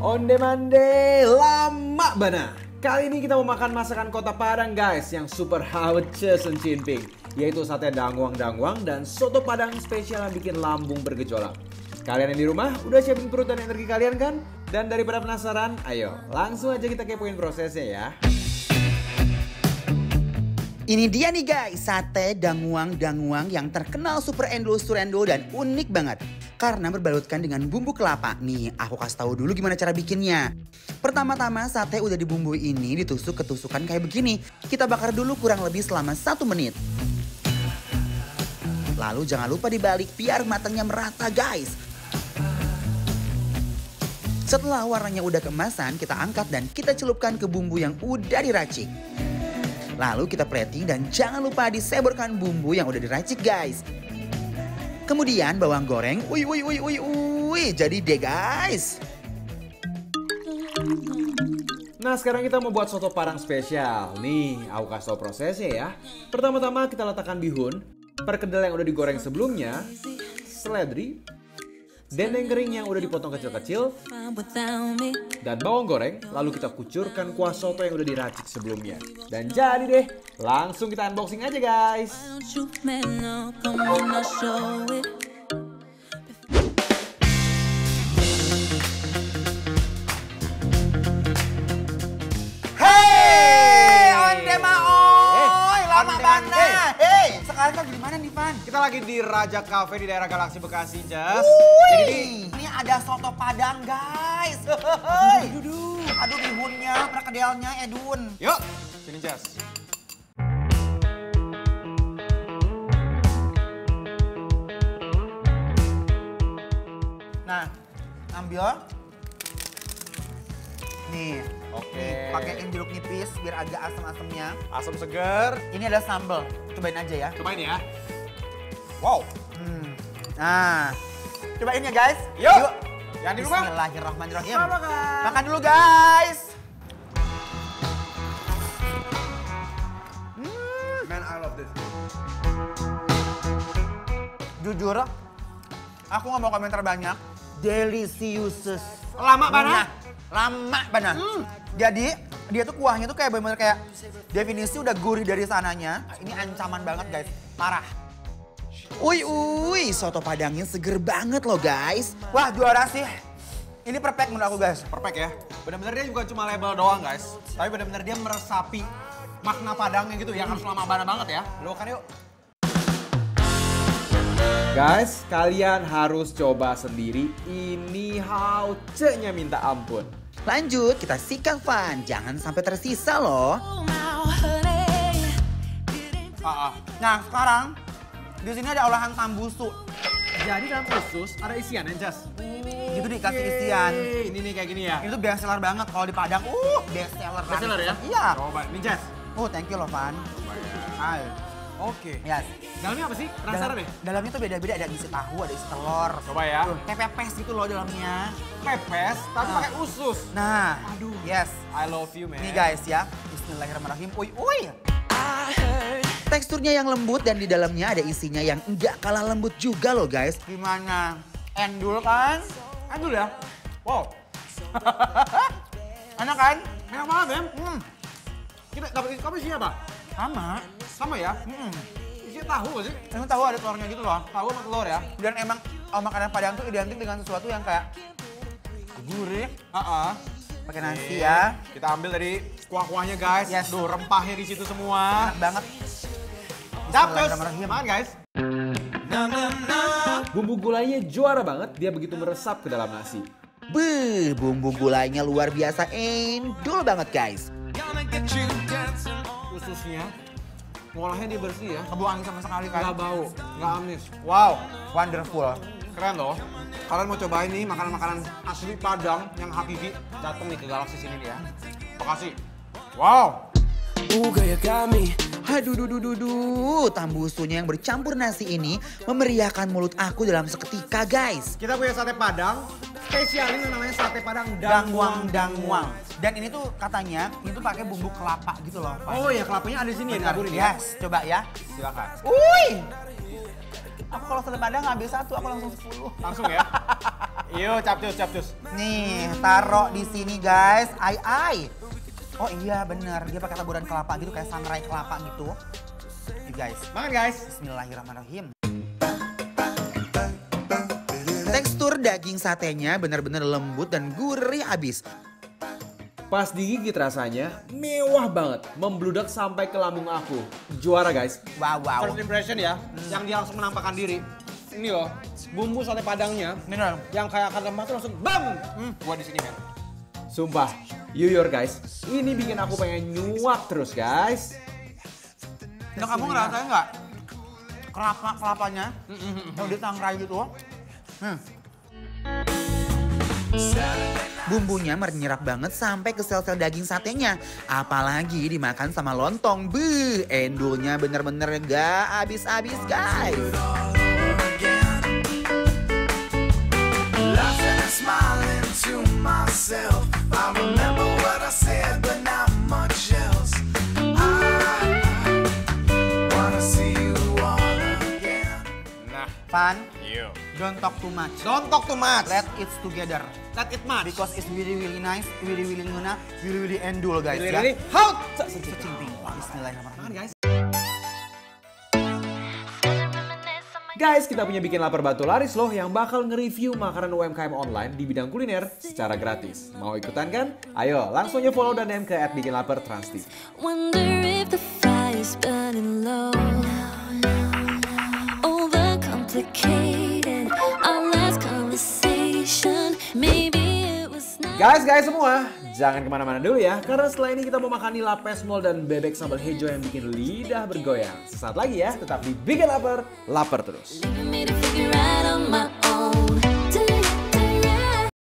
Onde mande lama bana. Kali ini kita mau makan masakan kota Padang guys yang super hot Sen Jinping. Yaitu sate danguang-danguang dan soto padang spesial yang bikin lambung bergejolak. Kalian yang di rumah udah siapin perut dan energi kalian kan? Dan daripada penasaran, ayo langsung aja kita kepoin prosesnya ya. Ini dia nih guys, sate danguang-danguang yang terkenal super endo surendo dan unik banget karena berbalutkan dengan bumbu kelapa. Nih, aku kasih tahu dulu gimana cara bikinnya. Pertama-tama sate udah dibumbui ini ditusuk ketusukan kayak begini. Kita bakar dulu kurang lebih selama satu menit. Lalu jangan lupa dibalik biar matangnya merata guys. Setelah warnanya udah kemasan, kita angkat dan kita celupkan ke bumbu yang udah diracik. Lalu kita plating dan jangan lupa diseborkan bumbu yang udah diracik guys. Kemudian bawang goreng, ui ui ui ui ui, jadi deh guys. Nah sekarang kita mau buat soto parang spesial. Nih, aku kasih tau prosesnya ya. Pertama-tama kita letakkan bihun, perkedel yang udah digoreng sebelumnya, seledri, dendeng kering yang udah dipotong kecil-kecil, dan bawang goreng, lalu kita kucurkan kuah soto yang udah diracik sebelumnya. Dan jadi deh, langsung kita unboxing aja guys. kalian lagi di mana nih, Van? Kita lagi di Raja Cafe di daerah Galaksi Bekasi, Jas. Jadi ini ada soto Padang, guys. Aduh, aduh, aduh bihunnya, perkedelnya, edun. Yuk, sini Jas. Nah, ambil nih. Oke. Okay. Pakaiin jeruk nipis biar agak asam-asamnya. Asam segar Ini ada sambal. Cobain aja ya. Cobain ya. Wow. Hmm. Nah, cobain ya guys. Yuk. Yuk. Yang di rumah. Bismillahirrahmanirrahim. Halo, Makan dulu guys. Hmm. Jujur, aku nggak mau komentar banyak. Delicious. Lama banget. Lama benar. Hmm. Jadi dia tuh kuahnya tuh kayak benar-benar kayak definisi udah gurih dari sananya. Ini ancaman banget guys, parah. Ui ui soto padangnya seger banget loh guys. Wah juara sih. Ini perfect menurut aku guys. Perfect ya. Benar-benar dia juga cuma label doang guys. Tapi benar-benar dia meresapi makna padangnya gitu yang harus lama banget ya. Lo kan yuk. Guys, kalian harus coba sendiri. Ini hauce-nya minta ampun. Lanjut, kita sikat Van. Jangan sampai tersisa loh. Uh, Nah, sekarang di sini ada olahan tambusu. Jadi dalam khusus ada isian ya, Jas? gitu dikasih kasih isian. Ini nih kayak gini ya? itu best seller banget kalau di Padang. Uh, best seller. Best seller ya? Iya. Coba, oh, nih Jas. Oh, thank you loh, Van. Hai. Oke. Okay. Yes. Dalamnya apa sih? rasa Dalam, deh. Ya? Dalamnya tuh beda-beda, ada isi tahu, ada isi telur. Coba ya. Tuh, pepes gitu loh dalamnya. Pepes, tapi nah. pakai usus. Nah. Aduh. Yes. I love you, man. Nih guys ya. Bismillahirrahmanirrahim. Oi, oi. Teksturnya yang lembut dan di dalamnya ada isinya yang enggak kalah lembut juga loh guys. Gimana? Endul kan? Endul ya? Wow. Enak kan? Enak banget ya? Hmm. Kita, dapat isinya apa? Sama. Sama ya? Hmm. Isinya tahu sih? Emang tahu ada telurnya gitu loh. Tahu sama telur ya. Dan emang oh, makanan Padang tuh identik dengan sesuatu yang kayak gurih. Uh -uh. Pakai nasi ya. Kita ambil dari kuah-kuahnya guys. Yes. Duh, rempahnya di situ semua. Enak banget. Dapet. Makan guys. guys Bumbu gulanya juara banget, dia begitu meresap ke dalam nasi. Beuh, bumbu gulanya luar biasa endul banget guys. Khususnya ngolahnya dia bersih ya. Kebuang sama sekali kan? Nggak bau, nggak amis. Wow, wonderful. Keren loh. Kalian mau cobain nih makanan-makanan asli Padang yang hakiki. Datang nih ke Galaxy sini nih ya. terima kasih. Wow. Ooh, ya kami, Aduh, duh, duh, duh, duh. Tambusunya yang bercampur nasi ini memeriahkan mulut aku dalam seketika, guys. Kita punya sate padang, spesial ini namanya sate padang dangwang dangwang. Dan ini tuh katanya itu pakai bumbu kelapa gitu loh. Pak. Oh ya kelapanya ada di sini ya, Bentar, ya, Benar. Yes, ya? coba ya. Silakan. Uy. Aku kalau sate padang ngambil satu, aku langsung sepuluh. Langsung ya. Yuk, capcus, capcus. Nih, taruh di sini guys. Ai ai. Oh iya bener, dia pakai taburan kelapa gitu kayak sangrai kelapa gitu. You guys. Makan guys. Bismillahirrahmanirrahim. Hmm. Tekstur daging satenya benar-benar lembut dan gurih abis. Pas digigit rasanya mewah banget, membludak sampai ke lambung aku. Juara guys. Wow, wow. First impression ya, hmm. yang dia langsung menampakkan diri. Ini loh, bumbu sate padangnya. Ini Yang kayak akan lemak tuh langsung bam. Hmm. Gua di sini men. Kan? Sumpah, you your guys, ini bikin aku pengen nyuap terus guys. Nah kamu ngerasa nggak kelapa kelapanya mm di yang ditangrai gitu? Hmm. Bumbunya menyerap banget sampai ke sel-sel daging satenya. Apalagi dimakan sama lontong. Beuh, endulnya bener-bener gak habis-habis guys. Fun. you Nah, Don't talk too much. Don't talk too much. Let it together. Let it match. Because it's really really nice, really really ngena, really really endul guys really, ya. Really, how? Secinting. Bismillahirrahmanirrahim. guys. Guys, kita punya bikin lapar batu laris loh yang bakal nge-review makanan UMKM online di bidang kuliner secara gratis. Mau ikutan kan? Ayo, langsung aja follow dan DM ke at bikin lapar Trans complicated, our conversation, maybe. Guys, guys semua, jangan kemana-mana dulu ya, karena setelah ini kita mau makan nila pesmol dan bebek sambal hijau yang bikin lidah bergoyang. Sesaat lagi ya, tetap di Bikin Laper, lapar terus.